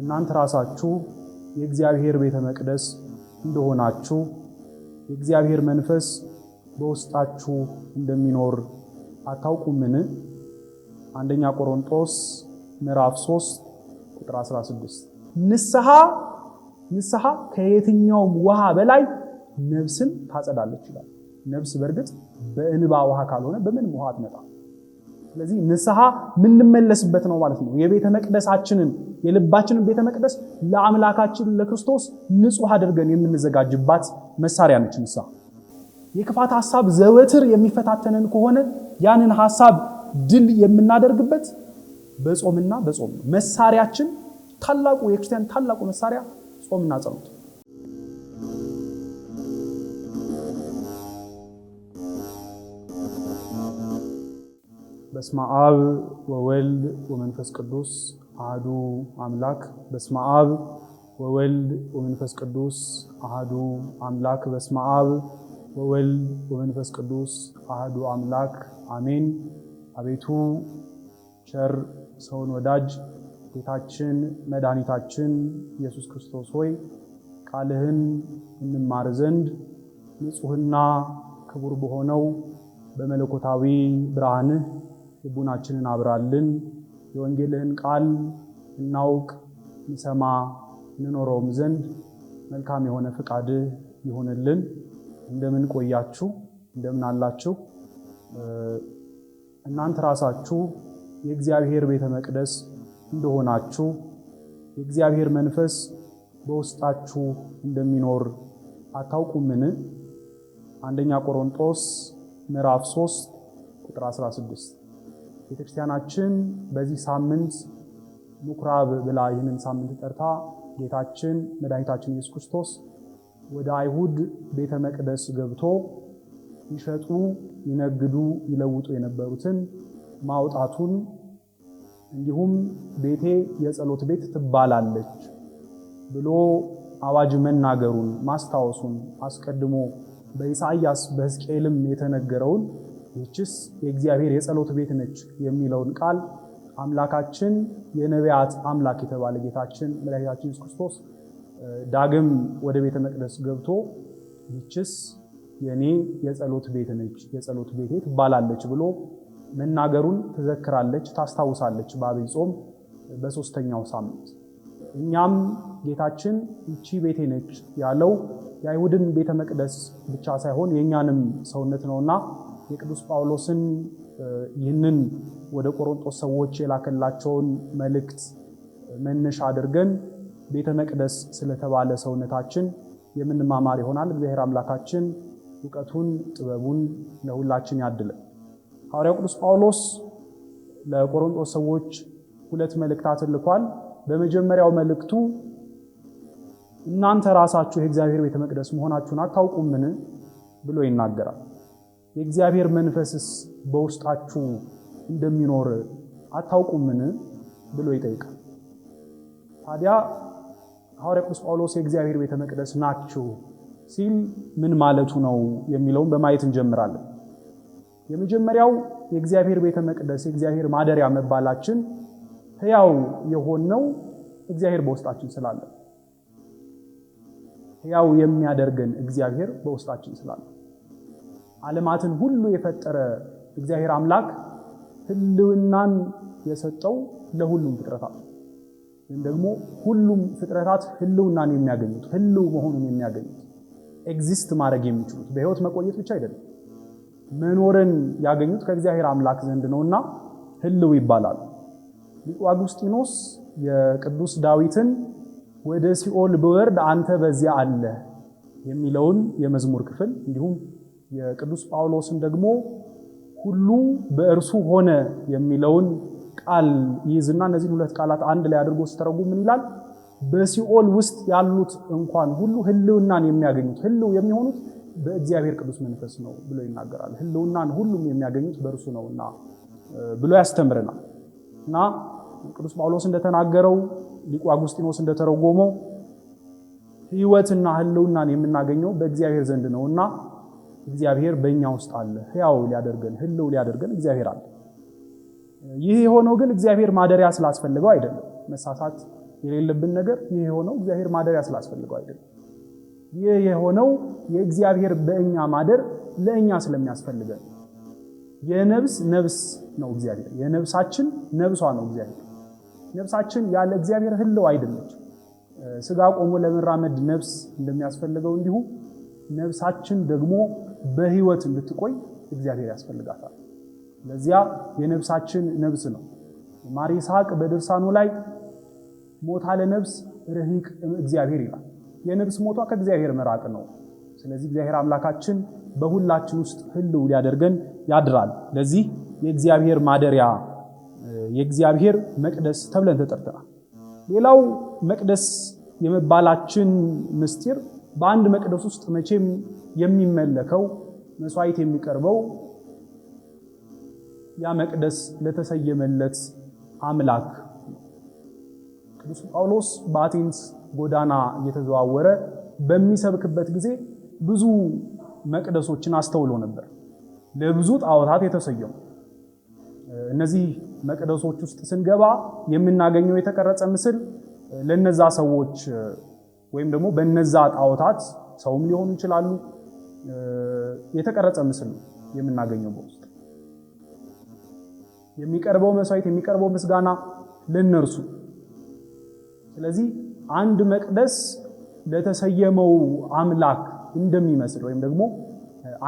እናንተ ራሳችሁ የእግዚአብሔር ቤተ መቅደስ እንደሆናችሁ የእግዚአብሔር መንፈስ በውስጣችሁ እንደሚኖር አታውቁምን? አንደኛ ቆሮንጦስ ምዕራፍ 3 ቁጥር 16። ንስሐ ንስሐ ከየትኛውም ውሃ በላይ ነፍስን ታጸዳለች ይላል። ነፍስ በእርግጥ በእንባ ውሃ ካልሆነ በምንም ውሃ አትመጣም። ስለዚህ ንስሐ የምንመለስበት ነው ማለት ነው። የቤተ መቅደሳችንን የልባችንን ቤተ መቅደስ ለአምላካችን ለክርስቶስ ንጹሕ አድርገን የምንዘጋጅባት መሳሪያ ነች ንስሐ። የክፋት ሐሳብ ዘወትር የሚፈታተንን ከሆነ ያንን ሐሳብ ድል የምናደርግበት በጾምና በጾም ነው። መሳሪያችን ታላቁ የክርስቲያን ታላቁ መሳሪያ ጾምና ጸሎት በስመ አብ ወወልድ ወመንፈስ ቅዱስ አህዱ አምላክ በስመ አብ ወወልድ ወመንፈስ ቅዱስ አህዱ አምላክ በስመ አብ ወወልድ ወመንፈስ ቅዱስ አህዱ አምላክ አሜን። አቤቱ ቸር ሰውን ወዳጅ ጌታችን መድኃኒታችን ኢየሱስ ክርስቶስ ሆይ ቃልህን እንማር ዘንድ ንጹሕና ክቡር በሆነው በመለኮታዊ ብርሃንህ ልቡናችንን አብራልን። የወንጌልህን ቃል እናውቅ፣ እንሰማ፣ እንኖረውም ዘንድ መልካም የሆነ ፈቃድህ ይሆንልን። እንደምን ቆያችሁ? እንደምን አላችሁ? እናንተ ራሳችሁ የእግዚአብሔር ቤተ መቅደስ እንደሆናችሁ የእግዚአብሔር መንፈስ በውስጣችሁ እንደሚኖር አታውቁምን? አንደኛ ቆሮንጦስ ምዕራፍ 3 ቁጥር 16 ቤተክርስቲያናችን በዚህ ሳምንት ምኩራብ ብላ ይህንን ሳምንት ጠርታ ጌታችን መድኃኒታችን ኢየሱስ ክርስቶስ ወደ አይሁድ ቤተ መቅደስ ገብቶ ይሸጡ፣ ይነግዱ፣ ይለውጡ የነበሩትን ማውጣቱን እንዲሁም ቤቴ የጸሎት ቤት ትባላለች ብሎ አዋጅ መናገሩን ማስታወሱን አስቀድሞ በኢሳይያስ በሕዝቅኤልም የተነገረውን ይችስ የእግዚአብሔር የጸሎት ቤት ነች የሚለውን ቃል አምላካችን የነቢያት አምላክ የተባለ ጌታችን መድኃኒታችን ኢየሱስ ክርስቶስ ዳግም ወደ ቤተ መቅደስ ገብቶ ይችስ የኔ የጸሎት ቤት ነች የጸሎት ቤቴ ትባላለች ብሎ መናገሩን ትዘክራለች፣ ታስታውሳለች በአብይ ጾም በሶስተኛው ሳምንት። እኛም ጌታችን ይቺ ቤቴ ነች ያለው የአይሁድን ቤተ መቅደስ ብቻ ሳይሆን የእኛንም ሰውነት ነውና የቅዱስ ጳውሎስን ይህንን ወደ ቆሮንጦስ ሰዎች የላከላቸውን መልእክት መነሻ አድርገን ቤተ መቅደስ ስለተባለ ሰውነታችን የምንማማር ይሆናል። እግዚአብሔር አምላካችን እውቀቱን ጥበቡን ለሁላችን ያድለን። ሐዋርያው ቅዱስ ጳውሎስ ለቆሮንጦስ ሰዎች ሁለት መልእክታት ልኳል። በመጀመሪያው መልእክቱ እናንተ ራሳችሁ የእግዚአብሔር ቤተ መቅደስ መሆናችሁን አታውቁምን ብሎ ይናገራል። የእግዚአብሔር መንፈስስ በውስጣችሁ እንደሚኖር አታውቁምን ብሎ ይጠይቃል። ታዲያ ሐዋርያ ቅዱስ ጳውሎስ የእግዚአብሔር ቤተ መቅደስ ናችሁ ሲል ምን ማለቱ ነው የሚለውን በማየት እንጀምራለን። የመጀመሪያው የእግዚአብሔር ቤተ መቅደስ የእግዚአብሔር ማደሪያ መባላችን ሕያው የሆነው እግዚአብሔር በውስጣችን ስላለ፣ ሕያው የሚያደርገን እግዚአብሔር በውስጣችን ስላለ ዓለማትን ሁሉ የፈጠረ እግዚአብሔር አምላክ ህልውናን የሰጠው ለሁሉም ፍጥረታት ወይም ደግሞ ሁሉም ፍጥረታት ህልውናን የሚያገኙት ህልው መሆኑን የሚያገኙት ኤግዚስት ማድረግ የሚችሉት በህይወት መቆየት ብቻ አይደለም፣ መኖርን ያገኙት ከእግዚአብሔር አምላክ ዘንድ ነውና ህልው ይባላል። ሊቁ አጉስጢኖስ የቅዱስ ዳዊትን ወደ ሲኦል ብወርድ አንተ በዚያ አለ የሚለውን የመዝሙር ክፍል እንዲሁም የቅዱስ ጳውሎስን ደግሞ ሁሉ በእርሱ ሆነ የሚለውን ቃል ይይዝና እነዚህን ሁለት ቃላት አንድ ላይ አድርጎ ሲተረጉ ምን ይላል? በሲኦል ውስጥ ያሉት እንኳን ሁሉ ህልውናን የሚያገኙት ህልው የሚሆኑት በእግዚአብሔር ቅዱስ መንፈስ ነው ብሎ ይናገራል። ህልውናን ሁሉም የሚያገኙት በእርሱ ነውና ብሎ ያስተምረናል። እና ቅዱስ ጳውሎስ እንደተናገረው ሊቁ አጉስጢኖስ እንደተረጎመው ህይወትና ህልውናን የምናገኘው በእግዚአብሔር ዘንድ ነውና እግዚአብሔር በእኛ ውስጥ አለ። ሕያው ሊያደርገን ህልው ሊያደርገን እግዚአብሔር አለ። ይህ የሆነው ግን እግዚአብሔር ማደሪያ ስላስፈልገው አይደለም። መሳሳት የሌለብን ነገር ይህ የሆነው እግዚአብሔር ማደሪያ ስላስፈልገው አይደለም። ይህ የሆነው የእግዚአብሔር በእኛ ማደር ለእኛ ስለሚያስፈልገን የነብስ ነብስ ነው እግዚአብሔር። የነብሳችን ነብሷ ነው እግዚአብሔር። ነብሳችን ያለ እግዚአብሔር ህልው አይደለች። ስጋ ቆሞ ለመራመድ ነብስ እንደሚያስፈልገው እንዲሁ ነብሳችን ደግሞ በህይወት እንድትቆይ እግዚአብሔር ያስፈልጋታል። ለዚያ የነብሳችን ነብስ ነው። ማር ይስሐቅ በድርሳኑ ላይ ሞታ ለነብስ ረሂቅ እግዚአብሔር ይላል። የነብስ ሞቷ ከእግዚአብሔር መራቅ ነው። ስለዚህ እግዚአብሔር አምላካችን በሁላችን ውስጥ ህልው ሊያደርገን ያድራል። ለዚህ የእግዚአብሔር ማደሪያ የእግዚአብሔር መቅደስ ተብለን ተጠርተናል። ሌላው መቅደስ የመባላችን ምስጢር በአንድ መቅደስ ውስጥ መቼም የሚመለከው መስዋዕት የሚቀርበው ያ መቅደስ ለተሰየመለት አምላክ ቅዱስ ጳውሎስ በአቴንስ ጎዳና እየተዘዋወረ በሚሰብክበት ጊዜ ብዙ መቅደሶችን አስተውሎ ነበር፣ ለብዙ ጣዖታት የተሰየሙ። እነዚህ መቅደሶች ውስጥ ስንገባ የምናገኘው የተቀረጸ ምስል ለነዛ ሰዎች ወይም ደግሞ በነዛ ጣዖታት ሰውም ሊሆኑ ይችላሉ የተቀረጸ ምስል ነው የምናገኘው። በውስጥ የሚቀርበው መስዋዕት የሚቀርበው ምስጋና ለነርሱ። ስለዚህ አንድ መቅደስ ለተሰየመው አምላክ እንደሚመስል ወይም ደግሞ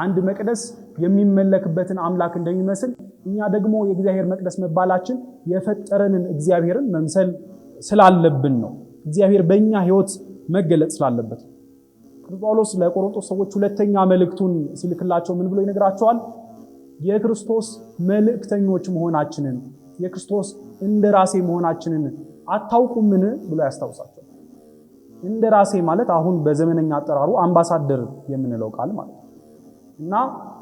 አንድ መቅደስ የሚመለክበትን አምላክ እንደሚመስል እኛ ደግሞ የእግዚአብሔር መቅደስ መባላችን የፈጠረንን እግዚአብሔርን መምሰል ስላለብን ነው። እግዚአብሔር በእኛ ህይወት መገለጥ ስላለበት ቅዱስ ጳውሎስ ለቆሮንቶስ ሰዎች ሁለተኛ መልእክቱን ሲልክላቸው ምን ብሎ ይነግራቸዋል? የክርስቶስ መልእክተኞች መሆናችንን የክርስቶስ እንደራሴ መሆናችንን አታውቁምን ብሎ ያስታውሳቸዋል። እንደራሴ ማለት አሁን በዘመነኛ አጠራሩ አምባሳደር የምንለው ቃል ማለት ነው እና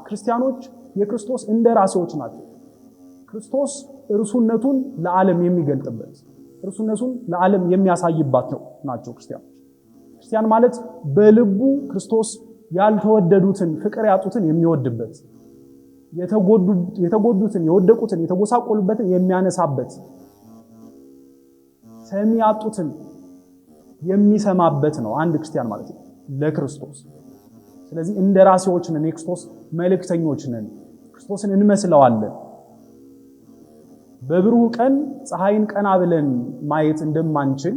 ክርስቲያኖች የክርስቶስ እንደራሴዎች ናቸው። ክርስቶስ እርሱነቱን ለዓለም የሚገልጥበት እርሱነቱን ለዓለም የሚያሳይባት ነው ናቸው ክርስቲያኖች ክርስቲያን ማለት በልቡ ክርስቶስ ያልተወደዱትን ፍቅር ያጡትን የሚወድበት የተጎዱትን የወደቁትን የተጎሳቆሉበትን የሚያነሳበት ሰሚ ያጡትን የሚሰማበት ነው አንድ ክርስቲያን ማለት ነው ለክርስቶስ ስለዚህ እንደ ራሴዎች ነን የክርስቶስ መልእክተኞች ነን ክርስቶስን እንመስለዋለን በብሩህ ቀን ፀሐይን ቀና ብለን ማየት እንደማንችል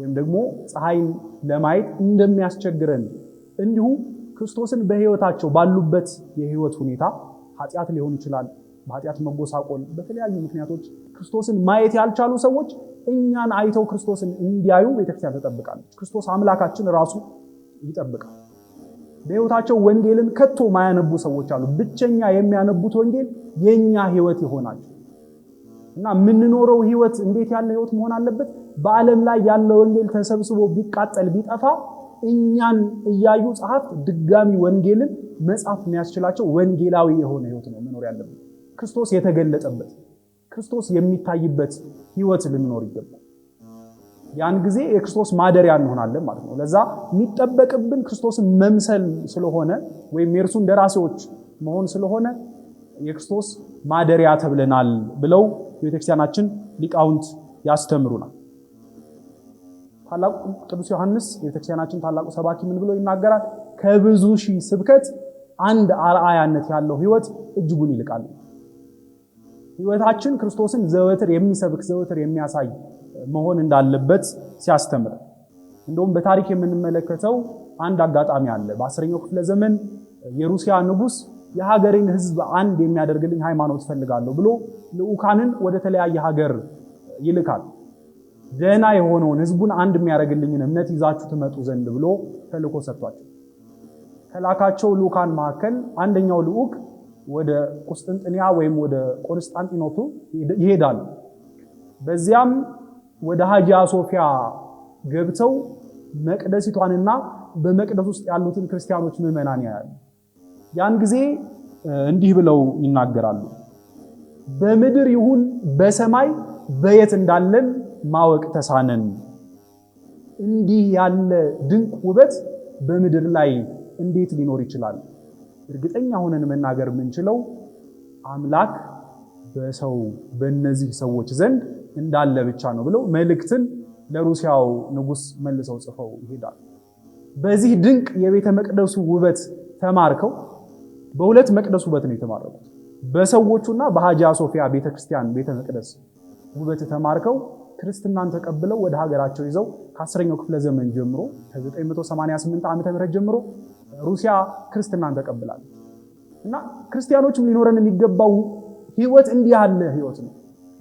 ወይም ደግሞ ፀሐይን ለማየት እንደሚያስቸግረን እንዲሁ ክርስቶስን በህይወታቸው ባሉበት የህይወት ሁኔታ ኃጢአት ሊሆን ይችላል፣ በኃጢአት መጎሳቆል፣ በተለያዩ ምክንያቶች ክርስቶስን ማየት ያልቻሉ ሰዎች እኛን አይተው ክርስቶስን እንዲያዩ ቤተክርስቲያን ትጠብቃለች። ክርስቶስ አምላካችን ራሱ ይጠብቃል። በህይወታቸው ወንጌልን ከቶ ማያነቡ ሰዎች አሉ። ብቸኛ የሚያነቡት ወንጌል የእኛ ህይወት ይሆናል እና የምንኖረው ህይወት እንዴት ያለ ህይወት መሆን አለበት? በዓለም ላይ ያለ ወንጌል ተሰብስቦ ቢቃጠል ቢጠፋ እኛን እያዩ ጸሐፍት ድጋሚ ወንጌልን መጻፍ የሚያስችላቸው ወንጌላዊ የሆነ ህይወት ነው መኖር ያለብን። ክርስቶስ የተገለጠበት ክርስቶስ የሚታይበት ህይወት ልንኖር ይገባል። ያን ጊዜ የክርስቶስ ማደሪያ እንሆናለን ማለት ነው። ለዛ የሚጠበቅብን ክርስቶስን መምሰል ስለሆነ ወይም የእርሱ እንደራሴዎች መሆን ስለሆነ የክርስቶስ ማደሪያ ተብለናል ብለው ቤተክርስቲያናችን ሊቃውንት ያስተምሩናል። ታላቁ ቅዱስ ዮሐንስ የቤተክርስቲያናችን ታላቁ ሰባኪ ምን ብሎ ይናገራል? ከብዙ ሺህ ስብከት አንድ አርአያነት ያለው ህይወት እጅጉን ይልቃል። ህይወታችን ክርስቶስን ዘወትር የሚሰብክ ዘወትር የሚያሳይ መሆን እንዳለበት ሲያስተምር፣ እንደውም በታሪክ የምንመለከተው አንድ አጋጣሚ አለ። በአስረኛው ክፍለ ዘመን የሩሲያ ንጉስ የሀገሬን ህዝብ አንድ የሚያደርግልኝ ሃይማኖት ፈልጋለሁ ብሎ ልዑካንን ወደ ተለያየ ሀገር ይልካል። ደህና የሆነውን ህዝቡን አንድ የሚያደርግልኝን እምነት ይዛችሁ ትመጡ ዘንድ ብሎ ተልኮ ሰጥቷቸው ከላካቸው ልዑካን መካከል አንደኛው ልዑክ ወደ ቁስጥንጥንያ ወይም ወደ ቆንስጣንጢኖቱ ይሄዳሉ። በዚያም ወደ ሃጂያ ሶፊያ ገብተው መቅደሲቷንና በመቅደስ ውስጥ ያሉትን ክርስቲያኖች ምዕመናን ያያሉ። ያን ጊዜ እንዲህ ብለው ይናገራሉ፣ በምድር ይሁን በሰማይ በየት እንዳለን ማወቅ ተሳነን። እንዲህ ያለ ድንቅ ውበት በምድር ላይ እንዴት ሊኖር ይችላል? እርግጠኛ ሆነን መናገር የምንችለው አምላክ በሰው በእነዚህ ሰዎች ዘንድ እንዳለ ብቻ ነው ብለው መልእክትን ለሩሲያው ንጉሥ መልሰው ጽፈው ይሄዳል። በዚህ ድንቅ የቤተ መቅደሱ ውበት ተማርከው በሁለት መቅደስ ውበት ነው የተማረኩት። በሰዎቹና በሃgia ሶፊያ ቤተክርስቲያን ቤተ መቅደስ ውበት ተማርከው ክርስትናን ተቀብለው ወደ ሀገራቸው ይዘው ከአስረኛው ክፍለ ዘመን ጀምሮ ከ988 ዓ ም ጀምሮ ሩሲያ ክርስትናን ተቀብላለች እና ክርስቲያኖችም ሊኖረን የሚገባው ህይወት እንዲህ ያለ ህይወት ነው።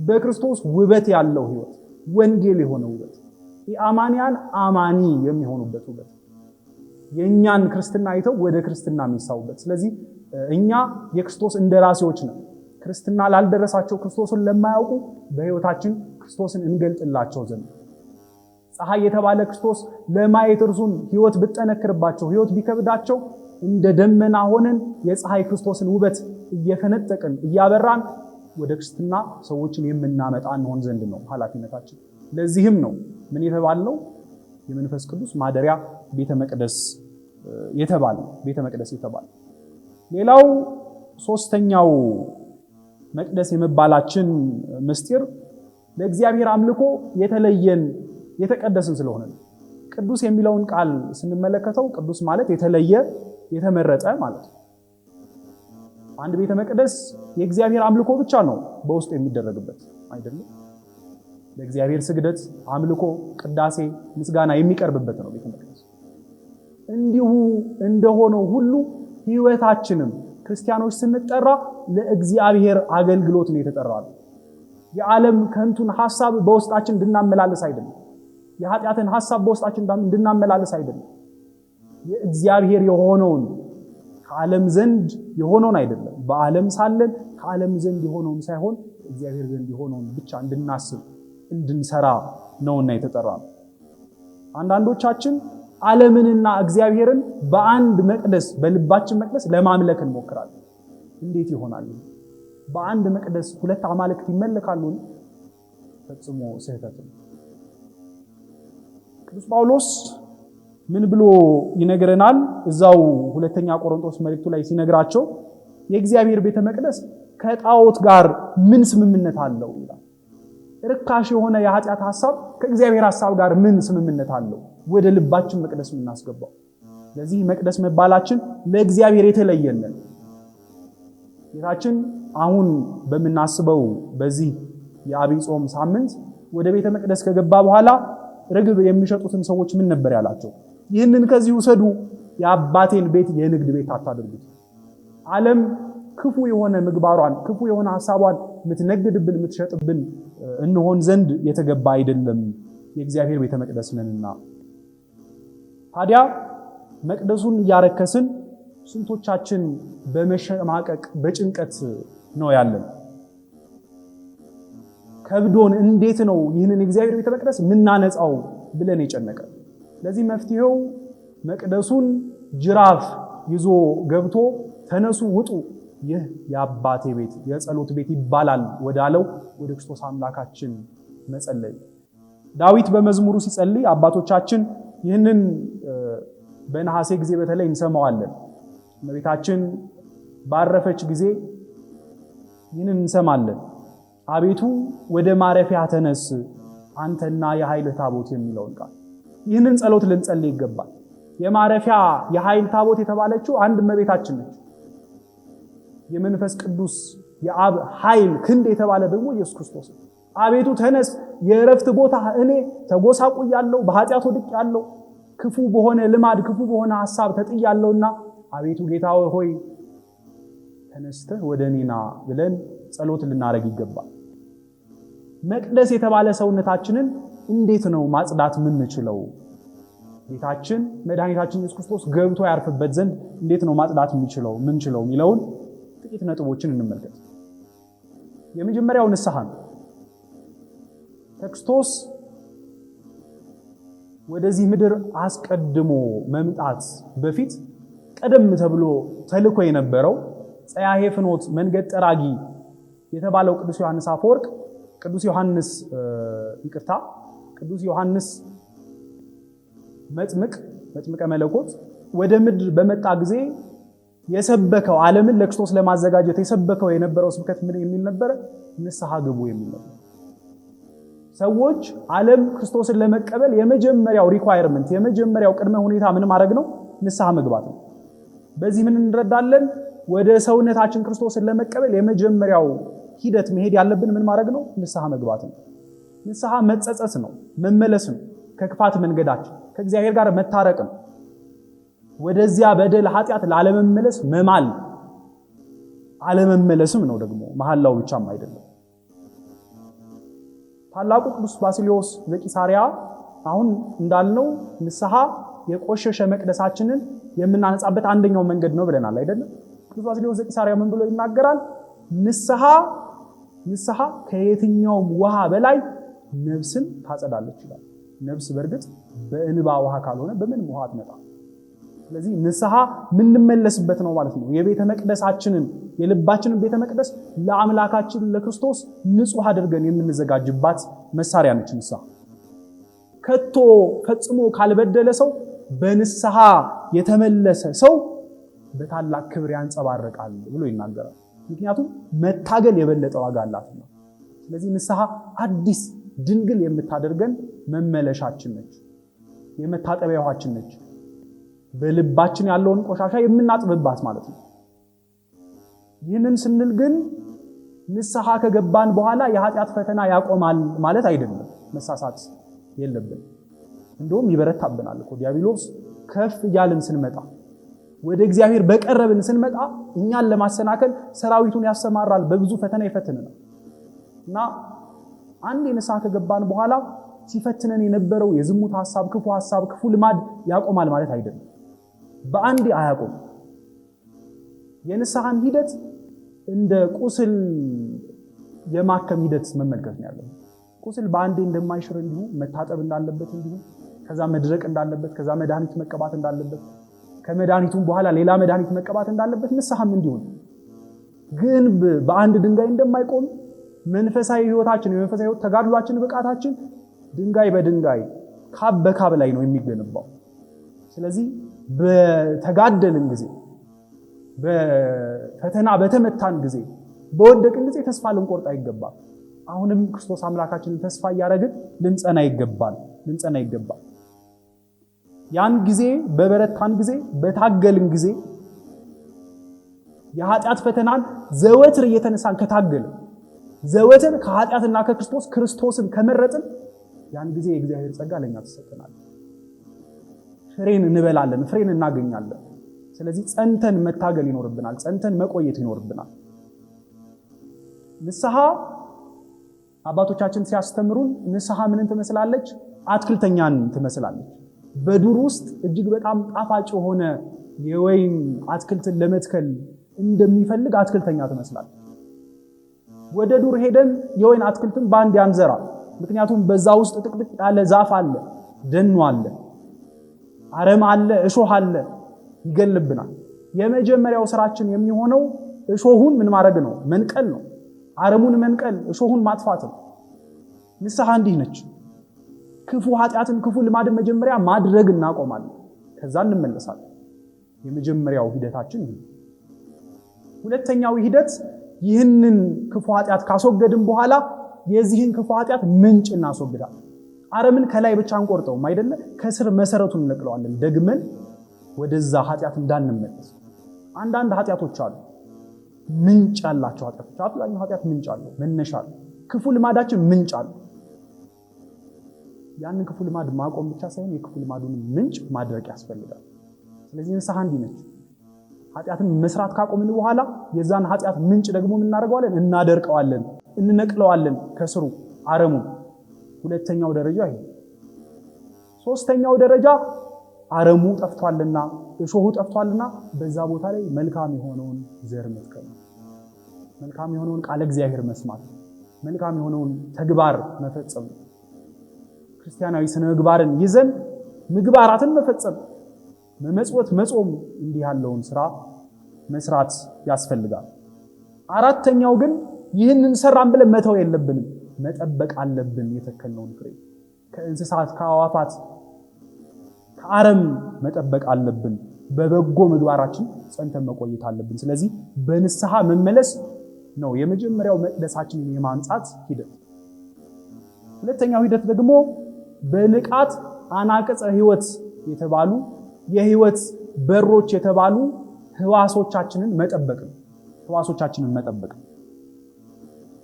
በክርስቶስ ውበት ያለው ህይወት፣ ወንጌል የሆነ ውበት፣ የአማንያን አማኒ የሚሆኑበት ውበት፣ የእኛን ክርስትና አይተው ወደ ክርስትና የሚሳቡበት። ስለዚህ እኛ የክርስቶስ እንደራሴዎች ነው ክርስትና ላልደረሳቸው ክርስቶስን ለማያውቁ በህይወታችን ክርስቶስን እንገልጥላቸው ዘንድ ፀሐይ የተባለ ክርስቶስ ለማየት እርሱን ህይወት ብጠነክርባቸው ህይወት ቢከብዳቸው እንደ ደመና ሆነን የፀሐይ ክርስቶስን ውበት እየፈነጠቅን እያበራን ወደ ክርስትና ሰዎችን የምናመጣ እንሆን ዘንድ ነው ኃላፊነታችን። ለዚህም ነው ምን የተባልነው? የመንፈስ ቅዱስ ማደሪያ ቤተ መቅደስ የተባለ ቤተ መቅደስ ሌላው ሶስተኛው መቅደስ የመባላችን ምስጢር ለእግዚአብሔር አምልኮ የተለየን የተቀደስን ስለሆነ ቅዱስ የሚለውን ቃል ስንመለከተው ቅዱስ ማለት የተለየ የተመረጠ ማለት ነው። አንድ ቤተ መቅደስ የእግዚአብሔር አምልኮ ብቻ ነው በውስጡ የሚደረግበት አይደለም። ለእግዚአብሔር ስግደት፣ አምልኮ፣ ቅዳሴ፣ ምስጋና የሚቀርብበት ነው ቤተ መቅደስ። እንዲሁ እንደሆነው ሁሉ ህይወታችንም ክርስቲያኖች ስንጠራ ለእግዚአብሔር አገልግሎት ነው የተጠራ ነው። የዓለም ከንቱን ሐሳብ በውስጣችን እንድናመላለስ አይደለም። የኃጢአትን ሐሳብ በውስጣችን እንድናመላለስ አይደለም። የእግዚአብሔር የሆነውን ከዓለም ዘንድ የሆነውን አይደለም። በዓለም ሳለን ከዓለም ዘንድ የሆነውን ሳይሆን እግዚአብሔር ዘንድ የሆነውን ብቻ እንድናስብ እንድንሰራ ነውና የተጠራ ነው። አንዳንዶቻችን ዓለምንና እግዚአብሔርን በአንድ መቅደስ በልባችን መቅደስ ለማምለክ እንሞክራለን። እንዴት ይሆናል? በአንድ መቅደስ ሁለት አማልክት ይመለካሉን? ፈጽሞ ስህተት ነው። ቅዱስ ጳውሎስ ምን ብሎ ይነግረናል? እዛው ሁለተኛ ቆሮንቶስ መልእክቱ ላይ ሲነግራቸው የእግዚአብሔር ቤተ መቅደስ ከጣዖት ጋር ምን ስምምነት አለው ይላል። ርካሽ የሆነ የኃጢአት ሀሳብ ከእግዚአብሔር ሀሳብ ጋር ምን ስምምነት አለው? ወደ ልባችን መቅደስ የምናስገባው። ለዚህ መቅደስ መባላችን ለእግዚአብሔር የተለየለን ጌታችን አሁን በምናስበው በዚህ የአብይ ጾም ሳምንት ወደ ቤተ መቅደስ ከገባ በኋላ ርግብ የሚሸጡትን ሰዎች ምን ነበር ያላቸው? ይህንን ከዚህ ውሰዱ፣ የአባቴን ቤት የንግድ ቤት አታደርጉት። ዓለም ክፉ የሆነ ምግባሯን ክፉ የሆነ ሀሳቧን የምትነግድብን የምትሸጥብን እንሆን ዘንድ የተገባ አይደለም፣ የእግዚአብሔር ቤተ መቅደስ ነንና። ታዲያ መቅደሱን እያረከስን ስንቶቻችን በመሸማቀቅ በጭንቀት ነው ያለን? ከብዶን እንዴት ነው ይህንን እግዚአብሔር ቤተ መቅደስ ምናነጻው ብለን የጨነቀ። ለዚህ መፍትሄው መቅደሱን ጅራፍ ይዞ ገብቶ ተነሱ ውጡ፣ ይህ የአባቴ ቤት የጸሎት ቤት ይባላል ወዳለው ወደ ክርስቶስ አምላካችን መጸለይ። ዳዊት በመዝሙሩ ሲጸልይ አባቶቻችን ይህንን በነሐሴ ጊዜ በተለይ እንሰማዋለን። እመቤታችን ባረፈች ጊዜ ይህንን እንሰማለን። አቤቱ ወደ ማረፊያ ተነስ አንተና የኃይል ታቦት የሚለውን ቃል ይህንን ጸሎት ልንጸልይ ይገባል። የማረፊያ የኃይል ታቦት የተባለችው አንድ እመቤታችን ነች። የመንፈስ ቅዱስ የአብ ኃይል ክንድ የተባለ ደግሞ ኢየሱስ ክርስቶስ ነው። አቤቱ ተነስ፣ የእረፍት ቦታ እኔ ተጎሳቁ ያለው በኃጢአት ያለው ክፉ በሆነ ልማድ ክፉ በሆነ ሐሳብ ተጥያለውና። አቤቱ ጌታ ሆይ ተነስተህ ወደ እኔና ብለን ጸሎት ልናደርግ ይገባል። መቅደስ የተባለ ሰውነታችንን እንዴት ነው ማጽዳት የምንችለው? ጌታችን መድኃኒታችን ኢየሱስ ክርስቶስ ገብቶ ያርፍበት ዘንድ እንዴት ነው ማጽዳት የምንችለው ምንችለው የሚለውን ጥቂት ነጥቦችን እንመልከት። የመጀመሪያው ንስሐ ነው። ክርስቶስ ወደዚህ ምድር አስቀድሞ መምጣት በፊት ቀደም ተብሎ ተልኮ የነበረው ጸያሄ ፍኖት መንገድ ጠራጊ የተባለው ቅዱስ ዮሐንስ አፈወርቅ ቅዱስ ዮሐንስ ይቅርታ ቅዱስ ዮሐንስ መጥምቅ መጥምቀ መለኮት ወደ ምድር በመጣ ጊዜ የሰበከው ዓለምን ለክርስቶስ ለማዘጋጀት የሰበከው የነበረው ስብከት ምን የሚል ነበረ? ንስሐ ግቡ የሚል ነበር። ሰዎች ዓለም ክርስቶስን ለመቀበል የመጀመሪያው ሪኳየርመንት የመጀመሪያው ቅድመ ሁኔታ ምን ማድረግ ነው? ንስሐ መግባት ነው። በዚህ ምን እንረዳለን? ወደ ሰውነታችን ክርስቶስን ለመቀበል የመጀመሪያው ሂደት መሄድ ያለብን ምን ማድረግ ነው? ንስሐ መግባት ነው። ንስሐ መጸጸት ነው፣ መመለስ ነው። ከክፋት መንገዳችን ከእግዚአብሔር ጋር መታረቅ ነው። ወደዚያ በደል ኃጢአት ላለመመለስ መማል አለመመለስም ነው ደግሞ መሐላው ብቻም አይደለም። ታላቁ ቅዱስ ባስሊዮስ ዘቂሳርያ አሁን እንዳልነው ንስሐ የቆሸሸ መቅደሳችንን የምናነጻበት አንደኛው መንገድ ነው ብለናል አይደለም? ቅዱስ ባስልዮስ ዘቂሳርያ ምን ብሎ ይናገራል? ንስሐ ንስሐ ከየትኛውም ውሃ በላይ ነፍስን ታጸዳለች ይላል። ነፍስ በእርግጥ በእንባ ውሃ ካልሆነ በምንም ውሃ አትመጣ። ስለዚህ ንስሐ የምንመለስበት ነው ማለት ነው። የቤተ መቅደሳችንን የልባችንን ቤተ መቅደስ ለአምላካችን ለክርስቶስ ንጹሕ አድርገን የምንዘጋጅባት መሳሪያ ነች ንስሐ። ከቶ ፈጽሞ ካልበደለ ሰው በንስሐ የተመለሰ ሰው በታላቅ ክብር ያንጸባርቃል ብሎ ይናገራል። ምክንያቱም መታገል የበለጠ ዋጋ አላት ነው። ስለዚህ ንስሐ አዲስ ድንግል የምታደርገን መመለሻችን ነች፣ የመታጠቢያ ውሃችን ነች። በልባችን ያለውን ቆሻሻ የምናጥብባት ማለት ነው። ይህንን ስንል ግን ንስሐ ከገባን በኋላ የኃጢአት ፈተና ያቆማል ማለት አይደለም። መሳሳት የለብን እንደውም ይበረታብናል እኮ ዲያብሎስ። ከፍ እያልን ስንመጣ ወደ እግዚአብሔር በቀረብን ስንመጣ እኛን ለማሰናከል ሰራዊቱን ያሰማራል። በብዙ ፈተና ነው እና አንድ የንስሐ ከገባን በኋላ ሲፈትነን የነበረው የዝሙት ሐሳብ፣ ክፉ ሐሳብ፣ ክፉ ልማድ ያቆማል ማለት አይደለም። በአንዴ አያቆም። የንስሐን ሂደት እንደ ቁስል የማከም ሂደት መመልከት ነው ያለው። ቁስል በአንዴ እንደማይሽር እንዲሁ መታጠብ እንዳለበት እንዲሁ ከዛ መድረቅ እንዳለበት፣ ከዛ መድኃኒት መቀባት እንዳለበት፣ ከመድኃኒቱም በኋላ ሌላ መድኃኒት መቀባት እንዳለበት ንስሐም እንዲሆን ግን በአንድ ድንጋይ እንደማይቆም መንፈሳዊ ህይወታችን የመንፈሳዊ ህይወት ተጋድሏችን ብቃታችን ድንጋይ በድንጋይ ካብ በካብ ላይ ነው የሚገነባው። ስለዚህ በተጋደልን ጊዜ፣ በፈተና በተመታን ጊዜ፣ በወደቅን ጊዜ ተስፋ ልንቆርጥ አይገባል። አሁንም ክርስቶስ አምላካችንን ተስፋ እያደረግን ልንጸና ይገባል ልንጸና ይገባል። ያን ጊዜ በበረታን ጊዜ በታገልን ጊዜ የኃጢአት ፈተናን ዘወትር እየተነሳን ከታገል ዘወትር ከኃጢአትና ከክርስቶስ ክርስቶስን ከመረጥን ያን ጊዜ የእግዚአብሔር ጸጋ ለእኛ ትሰጠናለች። ፍሬን እንበላለን፣ ፍሬን እናገኛለን። ስለዚህ ጸንተን መታገል ይኖርብናል፣ ጸንተን መቆየት ይኖርብናል። ንስሐ አባቶቻችን ሲያስተምሩን ንስሐ ምንን ትመስላለች? አትክልተኛን ትመስላለች። በዱር ውስጥ እጅግ በጣም ጣፋጭ የሆነ የወይን አትክልትን ለመትከል እንደሚፈልግ አትክልተኛ ትመስላል። ወደ ዱር ሄደን የወይን አትክልትን በአንድ ያንዘራ። ምክንያቱም በዛ ውስጥ ጥቅጥቅ ያለ ዛፍ አለ፣ ደኑ አለ፣ አረም አለ፣ እሾህ አለ፣ ይገልብናል። የመጀመሪያው ስራችን የሚሆነው እሾሁን ምን ማድረግ ነው? መንቀል ነው። አረሙን መንቀል፣ እሾሁን ማጥፋት ነው። ንስሐ እንዲህ ነች። ክፉ ኃጢአትን፣ ክፉ ልማድን መጀመሪያ ማድረግ እናቆማለን። ከዛ እንመለሳለን። የመጀመሪያው ሂደታችን ይህ። ሁለተኛው ሂደት ይህንን ክፉ ኃጢአት ካስወገድን በኋላ የዚህን ክፉ ኃጢአት ምንጭ እናስወግዳለን። አረምን ከላይ ብቻ አንቆርጠውም አይደለ፣ ከስር መሰረቱን እንነቅለዋለን። ደግመን ወደዛ ኃጢአት እንዳንመለስ። አንዳንድ ኃጢአቶች አሉ ምንጭ ያላቸው ኃጢአቶች። አብዛኛው ኃጢአት ምንጭ አለው፣ መነሻ አለው። ክፉ ልማዳችን ምንጭ አለው። ያንን ክፉ ልማድ ማቆም ብቻ ሳይሆን የክፉ ልማዱን ምንጭ ማድረቅ ያስፈልጋል። ስለዚህ ንስሐ እንዲህ ነች። ኃጢአትን መስራት ካቆምን በኋላ የዛን ኃጢአት ምንጭ ደግሞ እናደርገዋለን፣ እናደርቀዋለን፣ እንነቅለዋለን ከስሩ አረሙ። ሁለተኛው ደረጃ ይሄ። ሶስተኛው ደረጃ አረሙ ጠፍቷልና እሾሁ ጠፍቷልና በዛ ቦታ ላይ መልካም የሆነውን ዘር መትከል፣ መልካም የሆነውን ቃለ እግዚአብሔር መስማት፣ መልካም የሆነውን ተግባር መፈጸም ክርስቲያናዊ ስነ ምግባርን ይዘን ምግባራትን መፈጸም፣ መመጽወት፣ መጾም እንዲህ ያለውን ስራ መስራት ያስፈልጋል። አራተኛው ግን ይህንን እንሰራን ብለን መተው የለብንም፣ መጠበቅ አለብን። የተከልነውን ፍሬ ከእንስሳት ከአዋፋት፣ ከአረም መጠበቅ አለብን። በበጎ ምግባራችን ጸንተን መቆየት አለብን። ስለዚህ በንስሐ መመለስ ነው የመጀመሪያው መቅደሳችንን የማንጻት ሂደት። ሁለተኛው ሂደት ደግሞ በንቃት አናቅጸ ህይወት የተባሉ የህይወት በሮች የተባሉ ህዋሶቻችንን መጠበቅ ነው። ህዋሶቻችንን መጠበቅ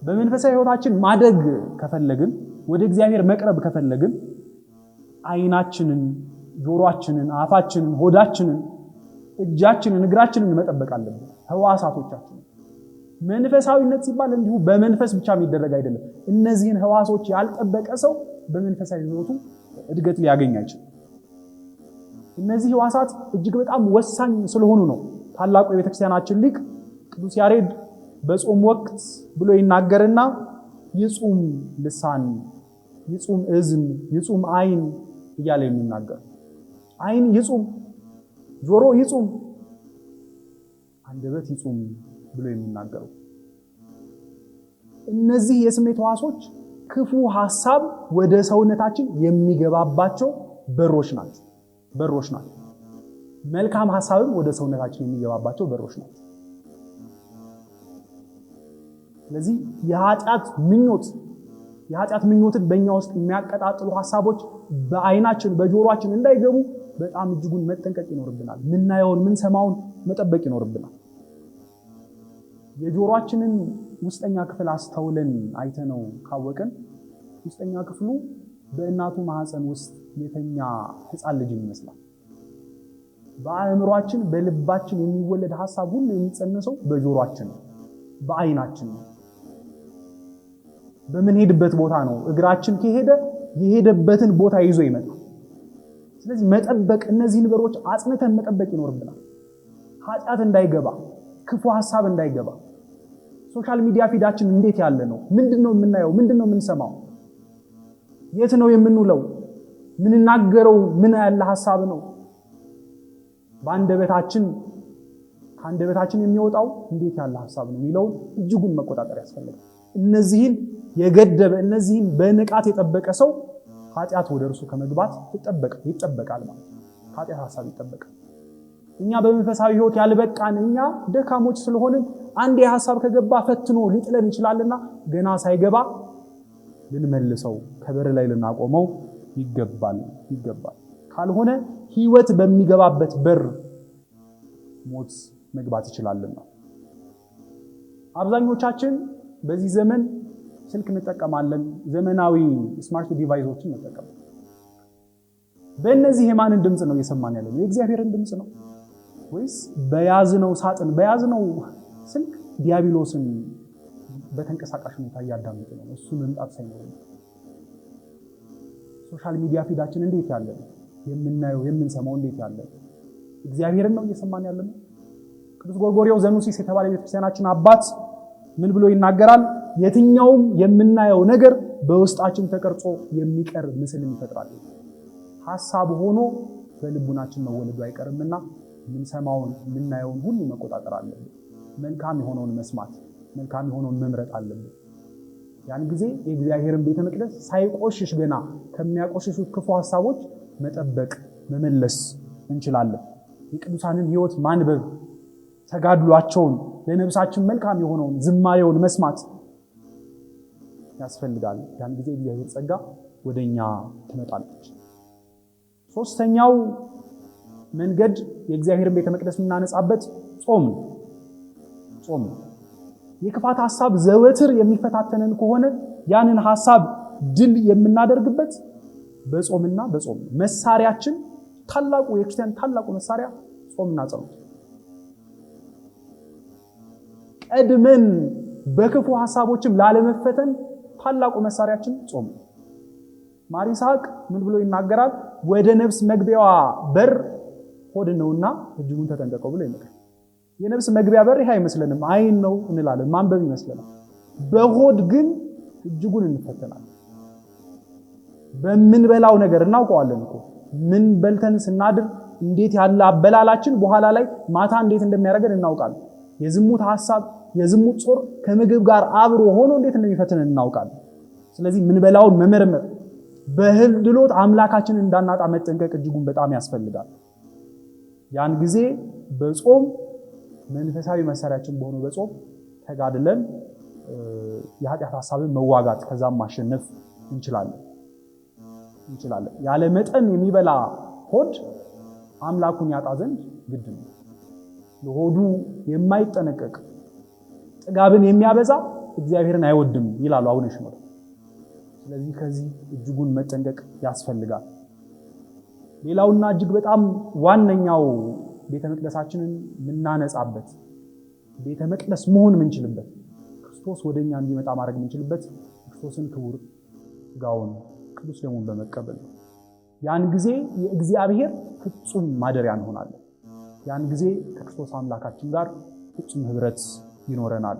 በመንፈሳዊ ህይወታችን ማደግ ከፈለግን፣ ወደ እግዚአብሔር መቅረብ ከፈለግን አይናችንን ጆሮአችንን፣ አፋችንን፣ ሆዳችንን፣ እጃችንን፣ እግራችንን መጠበቅ አለብን ህዋሳቶቻችንን መንፈሳዊነት ሲባል እንዲሁ በመንፈስ ብቻ የሚደረግ አይደለም። እነዚህን ህዋሶች ያልጠበቀ ሰው በመንፈሳዊ ህይወቱ እድገት ሊያገኝ አይችልም። እነዚህ ህዋሳት እጅግ በጣም ወሳኝ ስለሆኑ ነው ታላቁ የቤተክርስቲያናችን ሊቅ ቅዱስ ያሬድ በጾም ወቅት ብሎ ይናገርና ይጹም ልሳን፣ ይጹም እዝን፣ ይጹም አይን እያለ የሚናገር አይን ይጹም፣ ጆሮ ይጹም፣ አንደበት ይጹም ብሎ የሚናገሩ እነዚህ የስሜት ህዋሶች ክፉ ሀሳብ ወደ ሰውነታችን የሚገባባቸው በሮች ናቸው በሮች ናቸው። መልካም ሀሳብም ወደ ሰውነታችን የሚገባባቸው በሮች ናቸው። ስለዚህ የኃጢአት ምኞት የኃጢአት ምኞትን በእኛ ውስጥ የሚያቀጣጥሉ ሀሳቦች በአይናችን በጆሮአችን እንዳይገቡ በጣም እጅጉን መጠንቀቅ ይኖርብናል። ምናየውን ምንሰማውን መጠበቅ ይኖርብናል። የጆሮአችንን ውስጠኛ ክፍል አስተውለን አይተነው ካወቅን ውስጠኛ ክፍሉ በእናቱ ማህፀን ውስጥ የተኛ ህፃን ልጅን ይመስላል። በአእምሯችን በልባችን የሚወለድ ሀሳብ ሁሉ የሚጸነሰው በጆሮአችን በአይናችን ነው፣ በምንሄድበት ቦታ ነው። እግራችን ከሄደ የሄደበትን ቦታ ይዞ ይመጣል። ስለዚህ መጠበቅ፣ እነዚህ ነገሮች አጽንተን መጠበቅ ይኖርብናል፣ ኃጢአት እንዳይገባ ክፉ ሀሳብ እንዳይገባ። ሶሻል ሚዲያ ፊዳችን እንዴት ያለ ነው? ምንድን ነው የምናየው? ምንድን ነው የምንሰማው? የት ነው የምንውለው? የምንናገረው ምን ያለ ሀሳብ ነው? በአንደበታችን ከአንደበታችን የሚወጣው እንዴት ያለ ሀሳብ ነው የሚለውን እጅጉን መቆጣጠር ያስፈልጋል። እነዚህን የገደበ እነዚህን በንቃት የጠበቀ ሰው ኃጢአት ወደ እርሱ ከመግባት ይጠበቃል ማለት ነው። ኃጢአት ሀሳብ ይጠበቃል። እኛ በመንፈሳዊ ህይወት ያልበቃን እኛ ደካሞች ስለሆንን አንድ የሀሳብ ከገባ ፈትኖ ሊጥለን ይችላልና ገና ሳይገባ ልንመልሰው ከበር ላይ ልናቆመው ይገባል ይገባል። ካልሆነ ህይወት በሚገባበት በር ሞት መግባት ይችላልና። አብዛኞቻችን በዚህ ዘመን ስልክ እንጠቀማለን፣ ዘመናዊ ስማርት ዲቫይሶችን እንጠቀማለን። በእነዚህ የማንን ድምፅ ነው እየሰማን ያለን? የእግዚአብሔርን ድምፅ ነው። ወይስ በያዝነው ሳጥን በያዝነው ስልክ ዲያብሎስን በተንቀሳቃሽ ሁኔታ እያዳመጡ ነው? እሱ መምጣት ሳይኖር ሶሻል ሚዲያ ፊዳችን እንዴት ያለ ነው? የምናየው የምንሰማው እንዴት ያለ ነው? እግዚአብሔርን ነው እየሰማን ያለ ነው? ቅዱስ ጎርጎርዮስ ዘኑሲስ የተባለ ቤተክርስቲያናችን አባት ምን ብሎ ይናገራል? የትኛውም የምናየው ነገር በውስጣችን ተቀርጾ የሚቀር ምስልን ይፈጥራል። ሀሳብ ሆኖ በልቡናችን መወለዱ አይቀርምና የምንሰማውን የምናየውን ሁሉ መቆጣጠር አለብን። መልካም የሆነውን መስማት፣ መልካም የሆነውን መምረጥ አለብን። ያን ጊዜ የእግዚአብሔርን ቤተ መቅደስ ሳይቆሽሽ ገና ከሚያቆሽሹት ክፉ ሀሳቦች መጠበቅ መመለስ እንችላለን። የቅዱሳንን ህይወት ማንበብ፣ ተጋድሏቸውን፣ ለነብሳችን መልካም የሆነውን ዝማሬውን መስማት ያስፈልጋል። ያን ጊዜ እግዚአብሔር ጸጋ ወደኛ ትመጣለች። ሶስተኛው መንገድ የእግዚአብሔርን ቤተ መቅደስ የምናነጻበት ጾም ነው። ጾም ነው። የክፋት ሐሳብ ዘወትር የሚፈታተንን ከሆነ ያንን ሐሳብ ድል የምናደርግበት በጾምና በጾም ነው። መሳሪያችን ታላቁ የክርስቲያን ታላቁ መሳሪያ ጾምና ጸሎት። ቀድመን በክፉ ሐሳቦችም ላለመፈተን ታላቁ መሳሪያችን ጾም ነው። ምን ብሎ ይናገራል? ወደ ነፍስ መግቢያዋ በር ሆድን ነውና እጅጉን ተጠንቀቀው ብሎ ይመክራል። የነፍስ መግቢያ በር ይህ አይመስለንም፣ አይን ነው እንላለን፣ ማንበብ ይመስለናል። በሆድ ግን እጅጉን እንፈተናለን። በምንበላው ነገር እናውቀዋለን እኮ ምን በልተን ስናድር እንዴት ያለ አበላላችን በኋላ ላይ ማታ እንዴት እንደሚያደርገን እናውቃለን። የዝሙት ሐሳብ፣ የዝሙት ጾር ከምግብ ጋር አብሮ ሆኖ እንዴት እንደሚፈትን እናውቃለን። ስለዚህ ምንበላውን መመርመር፣ በህልድሎት አምላካችንን እንዳናጣ መጠንቀቅ እጅጉን በጣም ያስፈልጋል። ያን ጊዜ በጾም መንፈሳዊ መሳሪያችን በሆኑ በጾም ተጋድለን የኃጢአት ሀሳብን መዋጋት ከዛም ማሸነፍ እንችላለን እንችላለን። ያለ መጠን የሚበላ ሆድ አምላኩን ያጣ ዘንድ ግድ ነው። ለሆዱ የማይጠነቀቅ ጥጋብን የሚያበዛ እግዚአብሔርን አይወድም ይላሉ አቡነ ሽኖዳ። ስለዚህ ከዚህ እጅጉን መጠንቀቅ ያስፈልጋል። ሌላውና እጅግ በጣም ዋነኛው ቤተ መቅደሳችንን የምናነጻበት ቤተ መቅደስ መሆን የምንችልበት ክርስቶስ ወደ እኛ እንዲመጣ ማድረግ የምንችልበት ክርስቶስን ክቡር ጋውን ቅዱስ ደሙን በመቀበል ነው። ያን ጊዜ የእግዚአብሔር ፍጹም ማደሪያ እንሆናለን። ያን ጊዜ ከክርስቶስ አምላካችን ጋር ፍጹም ህብረት ይኖረናል።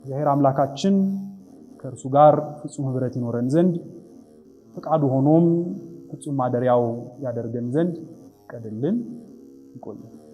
እግዚአብሔር አምላካችን ከእርሱ ጋር ፍጹም ህብረት ይኖረን ዘንድ ፈቃዱ ሆኖም ፍጹም ማደሪያው ያደርገን ዘንድ ይቀድልን ይቆየ